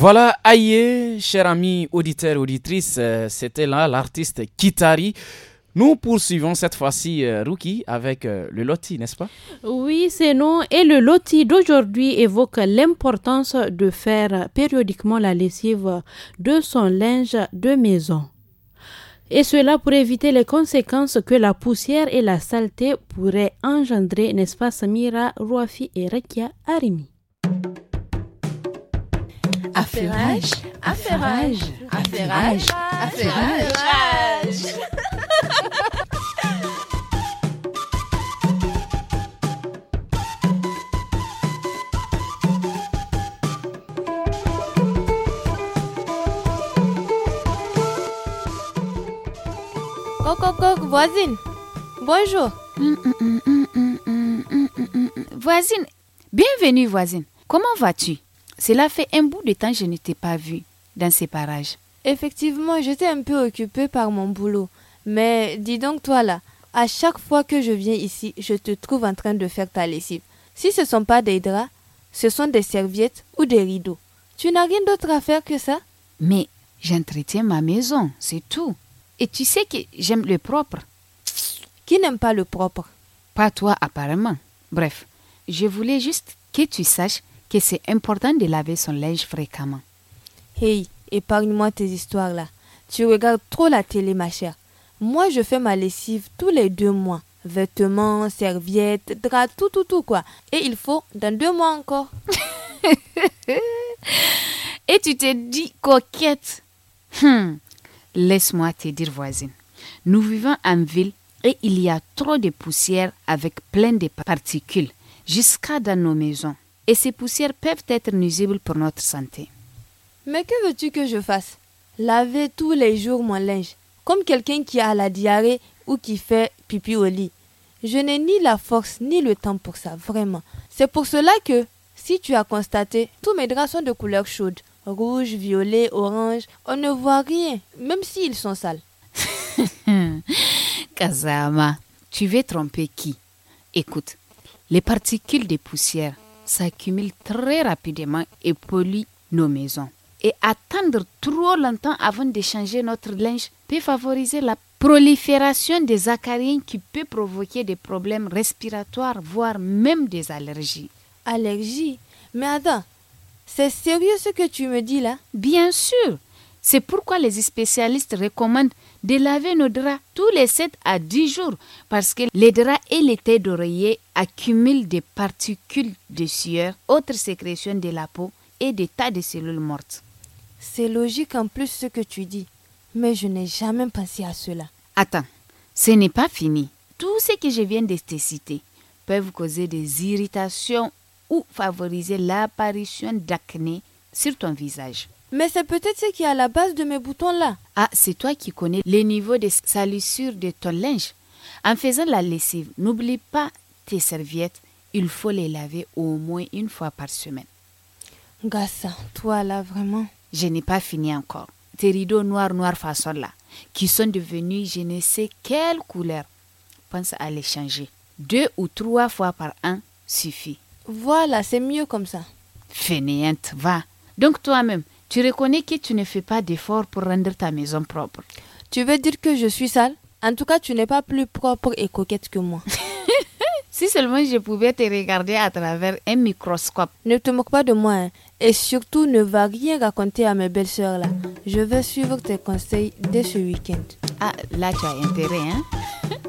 Voilà, Aïe, cher ami auditeur, auditrice, euh, c'était là l'artiste Kitari. Nous poursuivons cette fois-ci, euh, Ruki, avec euh, le loti, n'est-ce pas Oui, c'est nous. Et le loti d'aujourd'hui évoque l'importance de faire périodiquement la lessive de son linge de maison. Et cela pour éviter les conséquences que la poussière et la saleté pourraient engendrer, n'est-ce pas, Samira Rouafi et Rekia Arimi Affairage, affairage, affairage, affairage. Coq, Coco voisine. Bonjour. voisine, bienvenue voisine. Comment vas-tu cela fait un bout de temps que je ne t'ai pas vu dans ces parages. Effectivement, j'étais un peu occupé par mon boulot. Mais dis donc toi là, à chaque fois que je viens ici, je te trouve en train de faire ta lessive. Si ce ne sont pas des draps, ce sont des serviettes ou des rideaux. Tu n'as rien d'autre à faire que ça Mais j'entretiens ma maison, c'est tout. Et tu sais que j'aime le propre. Qui n'aime pas le propre Pas toi apparemment. Bref, je voulais juste que tu saches que c'est important de laver son linge fréquemment. Hey, épargne-moi tes histoires là. Tu regardes trop la télé, ma chère. Moi, je fais ma lessive tous les deux mois. Vêtements, serviettes, draps, tout, tout, tout quoi. Et il faut dans deux mois encore. *laughs* Et tu t'es dit coquette. Hum, laisse-moi te dire, voisine. Nous vivons en ville et il y a trop de poussière avec plein de particules jusqu'à dans nos maisons et ces poussières peuvent être nuisibles pour notre santé. Mais que veux-tu que je fasse Laver tous les jours mon linge, comme quelqu'un qui a la diarrhée ou qui fait pipi au lit. Je n'ai ni la force ni le temps pour ça, vraiment. C'est pour cela que, si tu as constaté, tous mes draps sont de couleur chaude. Rouge, violet, orange, on ne voit rien, même s'ils sont sales. *laughs* Kazama, tu veux tromper qui Écoute, les particules de poussières s'accumule très rapidement et pollue nos maisons. Et attendre trop longtemps avant de changer notre linge peut favoriser la prolifération des acariens qui peut provoquer des problèmes respiratoires, voire même des allergies. Allergies Mais attends, c'est sérieux ce que tu me dis là Bien sûr c'est pourquoi les spécialistes recommandent de laver nos draps tous les 7 à 10 jours parce que les draps et les têtes d'oreiller accumulent des particules de sueur, autres sécrétions de la peau et des tas de cellules mortes. C'est logique en plus ce que tu dis, mais je n'ai jamais pensé à cela. Attends, ce n'est pas fini. Tout ce que je viens de te citer peuvent causer des irritations ou favoriser l'apparition d'acné sur ton visage. Mais c'est peut-être ce qui est à la base de mes boutons là. Ah, c'est toi qui connais les niveaux de salissure de ton linge. En faisant la lessive, n'oublie pas tes serviettes. Il faut les laver au moins une fois par semaine. Gassa, toi là vraiment. Je n'ai pas fini encore. Tes rideaux noirs, noirs façon là, qui sont devenus je ne sais quelle couleur, pense à les changer. Deux ou trois fois par an suffit. Voilà, c'est mieux comme ça. Fainéante, va. Donc toi-même, tu reconnais que tu ne fais pas d'efforts pour rendre ta maison propre. Tu veux dire que je suis sale En tout cas, tu n'es pas plus propre et coquette que moi. *laughs* si seulement je pouvais te regarder à travers un microscope. Ne te moque pas de moi. Hein. Et surtout, ne va rien raconter à mes belles soeurs là. Je vais suivre tes conseils dès ce week-end. Ah, là, tu as intérêt, hein *laughs*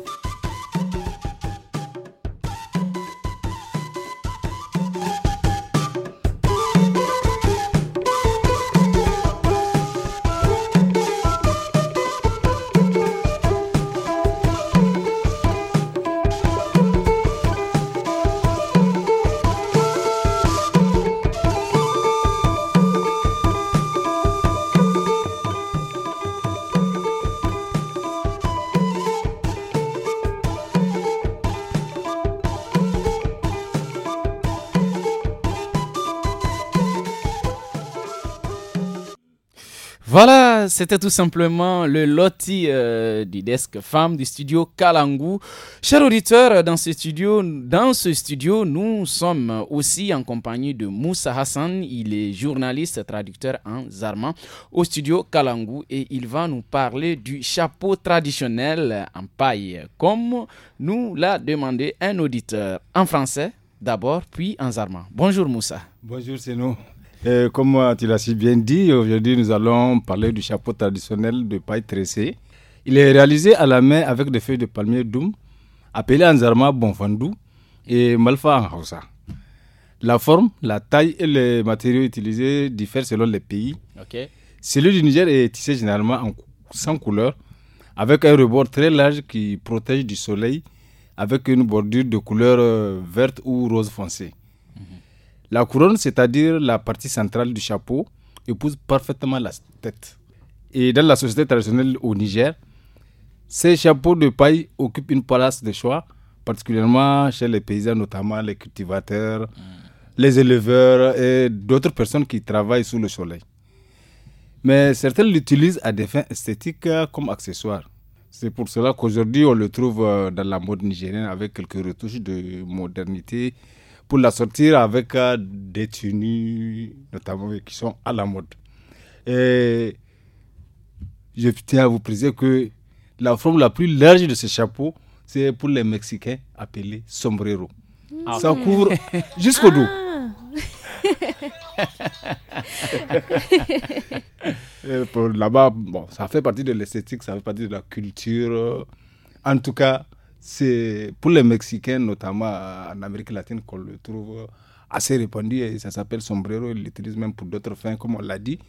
Voilà, c'était tout simplement le loti euh, du desk femme du studio Kalangu. Chers auditeurs, dans ce studio, dans ce studio, nous sommes aussi en compagnie de Moussa Hassan. Il est journaliste traducteur en zarman au studio Kalangu et il va nous parler du chapeau traditionnel en paille, comme nous l'a demandé un auditeur en français d'abord, puis en zarma. Bonjour Moussa. Bonjour c'est nous. Euh, comme euh, tu l'as si bien dit, aujourd'hui nous allons parler du chapeau traditionnel de paille tressée. Il est réalisé à la main avec des feuilles de palmier doum, appelées en bonfandou et malfa en La forme, la taille et les matériaux utilisés diffèrent selon les pays. Celui du Niger est tissé généralement en, sans couleur, avec un rebord très large qui protège du soleil, avec une bordure de couleur euh, verte ou rose foncée. La couronne, c'est-à-dire la partie centrale du chapeau, épouse parfaitement la tête. Et dans la société traditionnelle au Niger, ces chapeaux de paille occupent une place de choix, particulièrement chez les paysans, notamment les cultivateurs, hmm. les éleveurs et d'autres personnes qui travaillent sous le soleil. Mais certains l'utilisent à des fins esthétiques comme accessoire. C'est pour cela qu'aujourd'hui, on le trouve euh, dans la mode nigérienne avec quelques retouches de modernité pour la sortir avec euh, des tenues, notamment euh, qui sont à la mode. Et je tiens à vous préciser que la forme la plus large de ce chapeau, c'est pour les Mexicains appelé sombrero. Ah, ça couvre jusqu'au dos. Ah. Là-bas, bon, ça fait partie de l'esthétique, ça fait partie de la culture. En tout cas, c'est pour les Mexicains, notamment en Amérique latine, qu'on le trouve assez répandu et ça s'appelle sombrero. Ils l'utilisent même pour d'autres fins, comme on l'a dit.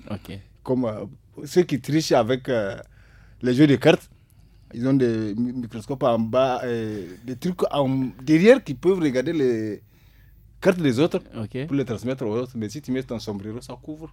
Comme euh, ceux qui trichent avec euh, les jeux de cartes, ils ont des microscopes en bas, des trucs derrière qui peuvent regarder les cartes des autres pour les transmettre aux autres. Mais si tu mets ton sombrero, ça couvre.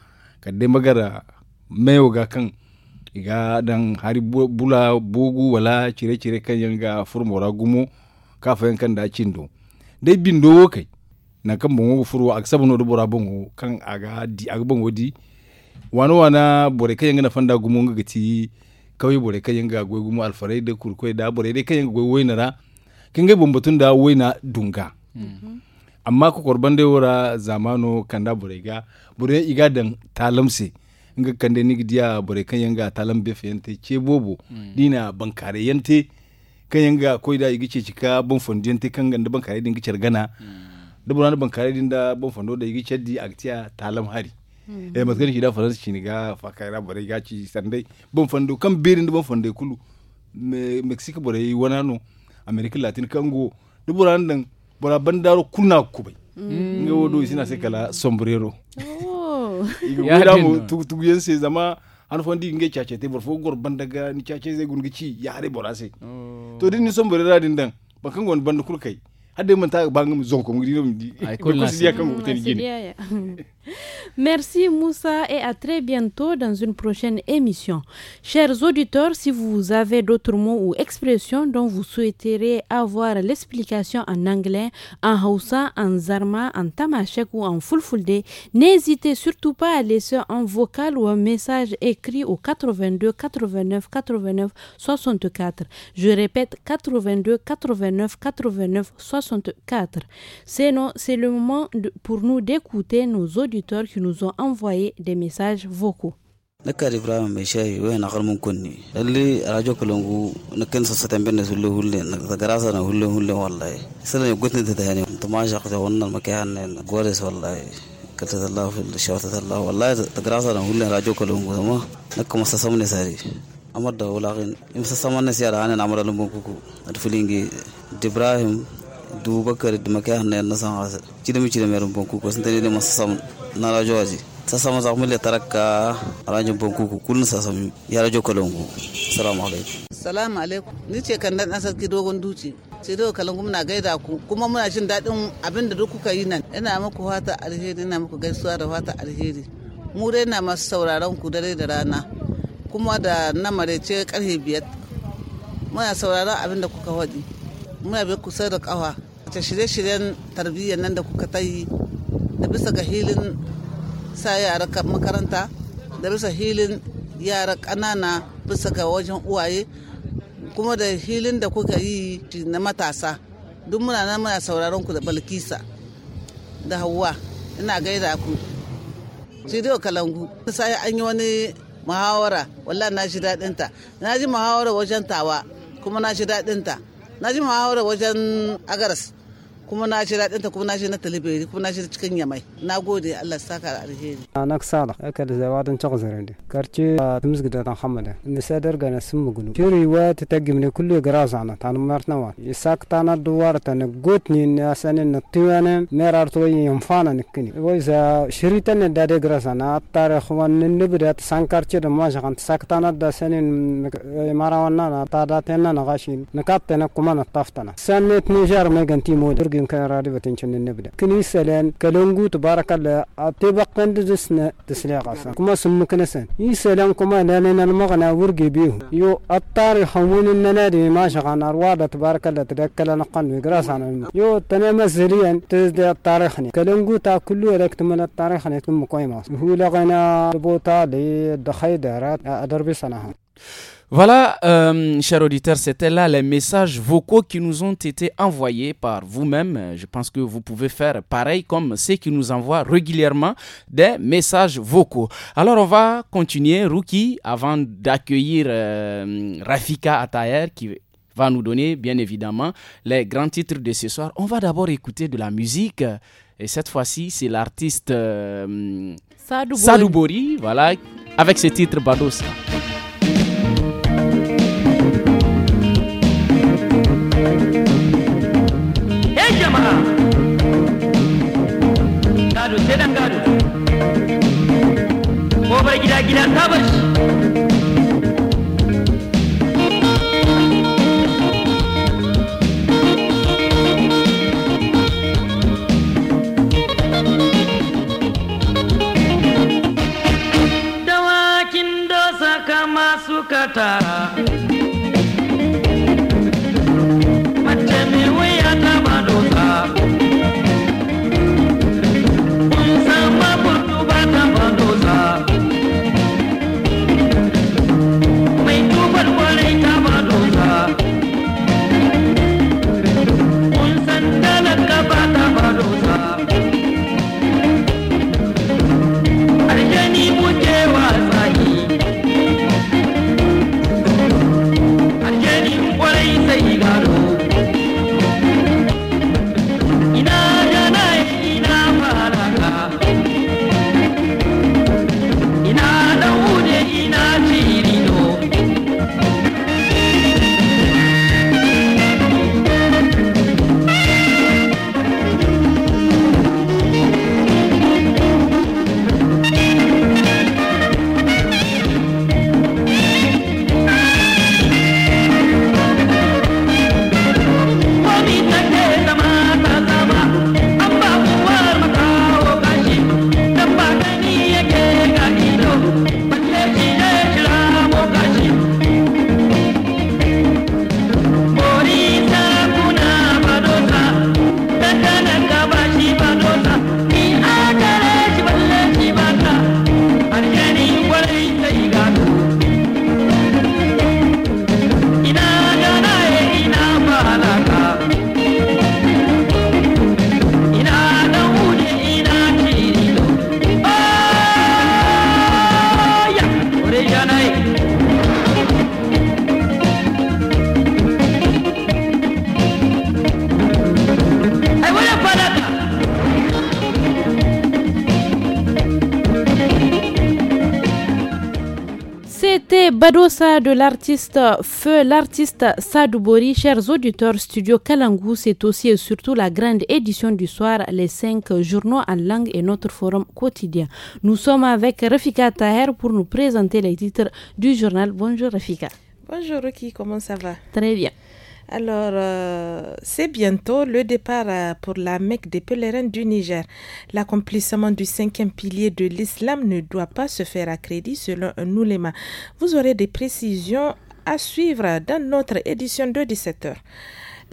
kadde magara mayo ga kan iga dan hari bula bugu wala cire cire kan yanga furmora ka kafa yankan da cindo dai bindo kai na kan bongo furu ak sabu no dubura bongo kan aga di aga bongo di wano wana bore kan yanga na fanda gumo ga gati kawai bore kan yanga gwe gumo alfarai da kurkwai da bore dai kan yanga gwe wainara kin ga bombatun da waina dunga mm -hmm. amma ko korbande wora zamano kanda borega bore iga dan talamse nga kande ni dia bore kan yanga talam be fente ce bobo mm. dina bankare yante kan yanga koida igi ce cika bon fondiyante kan ganda bankare din gicer gana mm. da buran bankare din da bon fondo da igi ceddi aktiya talam hari mm. eh shi da faransa shini ga fakaira bore ga ci sandai bon fondo kan birin da bon fondo kulu Me, mexico bore yi no america latin kango da buran dan bora bandaro kuna kubai mm. nga wodo sina se kala sombrero oh. *laughs* ya ya mu tuguyen se zama an fondi nge chache te bor fo gor bandaga ni chache ze gun gici yare bora se oh. to din ni sombrero din dan bakan gon bandu kulkai hadde man ta bangam zonko mu dum di ko si ya kan ko te ni Merci Moussa et à très bientôt dans une prochaine émission. Chers auditeurs, si vous avez d'autres mots ou expressions dont vous souhaiterez avoir l'explication en anglais, en Hausa, en Zarma, en Tamashek ou en Fulfulde, n'hésitez surtout pas à laisser un vocal ou un message écrit au 82 89 89 64. Je répète 82 89 89 64. Sinon, c'est le moment pour nous d'écouter nos auditeurs auditeurs qui nous ont envoyé des messages vocaux. nakar ibrahim mai shayi wai na harmun konni lalle rajo kulungu na kan sa satan bin da sulle hulle na zagara sa na hulle hulle wallahi sai ne gutun ta yani to ma sha ta wannan makai hannan gore wallahi kalta Allah fil shawata Allah wallahi zagara sa na hulle rajo kulungu ma na kuma sa samne sare amar da wulakin in sa saman na siyara hanan amar lumbun kuku at filingi ibrahim dubakar da makai hannan na sa hasa cidami cidami rumbun kuku sa tare da masa samun na radio waje sasa maza kuma le taraka rajin ku kullun sasa ya radio kalongu assalamu alaikum assalamu alaikum ni ce kan dan sarki dogon duci sai dai kalangu muna gaida ku kuma muna jin daɗin abin da duk kuka yi nan ina muku fata alheri ina muku gaisuwa da fata alheri mu dai na masu sauraron ku dare da rana kuma da na marece karfe biyar muna sauraron abin da kuka faɗi muna bai kusa da kawa ta shirye-shiryen tarbiyyar nan da kuka ta yi da bisa ga hilin sa yara makaranta da bisa hilin yara ƙanana bisa ga wajen uwaye kuma da hilin da kuka yi na matasa duk muna nan muna sauraron ku da balkisa da hawa ina gaida ku shirya kalangu sai an yi wani muhawara wallahi na ji daɗin ta na ji muhawara wajen tawa kuma na ji daɗin ta na ji muhawara wajen agaras kuma na ji daɗinta kuma na ji na talibiri kuma na ji cikin yamai na gode Allah saka da alheri anak sala aka da zawadin tsoxerende karci tumzgda ta hamada nisadar gana smugnu shiri wa ta tagi ne kullu na ta tan martna wa isak na duwar ta tan gotni na sanin na tiwana merar to yin ne kini wai za shiri ne da da de grazana tar khwan ne bida sankarci da ma ta ta na da sanin na ta da ta na na gashi gashin nakat tan kuma na taftana sanet jar me ganti mu durgi إذن كان رادي بتنشن النبدة كني سلان كلونجو تبارك الله أتبقى قند دسنا تسلي قصا كما سمو كنسان يسلان كما لنا المغنى ورقي بيه يو أطار حمون النادي ما شغان أروادا تبارك الله لنا قن وقراس عن المغنى يو تنام زليا تزدي التاريخني كلونجو تا كله لك تمن التاريخني تم قيمة هو لغنا بوتا لي دارات أدربي صنعها Voilà, euh, chers auditeurs, c'était là les messages vocaux qui nous ont été envoyés par vous-même. Euh, je pense que vous pouvez faire pareil comme ceux qui nous envoient régulièrement des messages vocaux. Alors, on va continuer, Rookie, avant d'accueillir euh, Rafika Atayer qui va nous donner, bien évidemment, les grands titres de ce soir. On va d'abord écouter de la musique. Et cette fois-ci, c'est l'artiste euh, Sadoubori, voilà, avec ses titre Badosa. 山があるセダンがある勾配ギラギラサーバシた de l'artiste Feu, l'artiste Sadoubori, chers auditeurs, Studio Kalangou, c'est aussi et surtout la grande édition du soir, les cinq journaux en langue et notre forum quotidien. Nous sommes avec Rafika Taher pour nous présenter les titres du journal. Bonjour Rafika. Bonjour Ruki, comment ça va Très bien. Alors, euh, c'est bientôt le départ euh, pour la Mecque des pèlerins du Niger. L'accomplissement du cinquième pilier de l'islam ne doit pas se faire à crédit selon un ouléma. Vous aurez des précisions à suivre dans notre édition de 17h.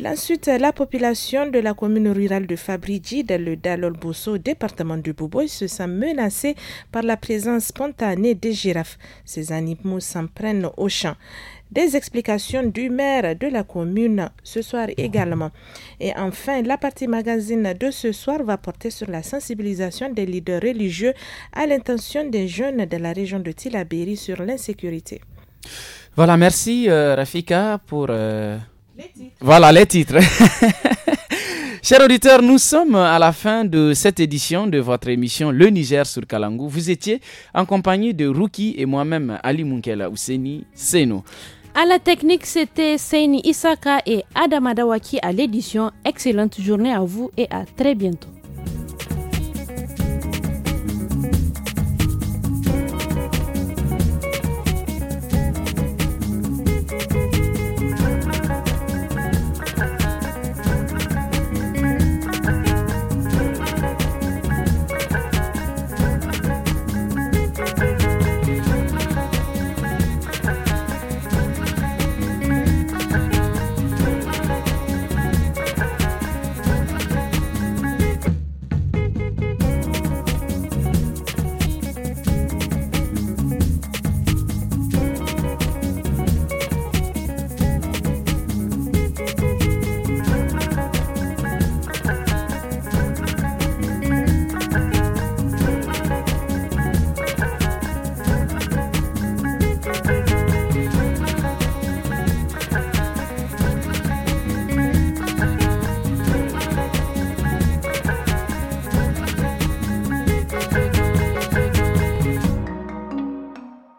Ensuite, la population de la commune rurale de Fabrigi, dans le Dalol département du Bouboy, se sent menacée par la présence spontanée des girafes. Ces animaux s'en prennent au champ des explications du maire de la commune ce soir également. Et enfin, la partie magazine de ce soir va porter sur la sensibilisation des leaders religieux à l'intention des jeunes de la région de Tilabéry sur l'insécurité. Voilà, merci euh, Rafika pour... Euh, voilà les titres. *laughs* Chers auditeurs, nous sommes à la fin de cette édition de votre émission Le Niger sur Kalangou. Vous étiez en compagnie de Ruki et moi-même Ali Munkela Ouseni Seno. À la technique, c'était Seini Isaka et Adamadawaki Adawaki à l'édition. Excellente journée à vous et à très bientôt.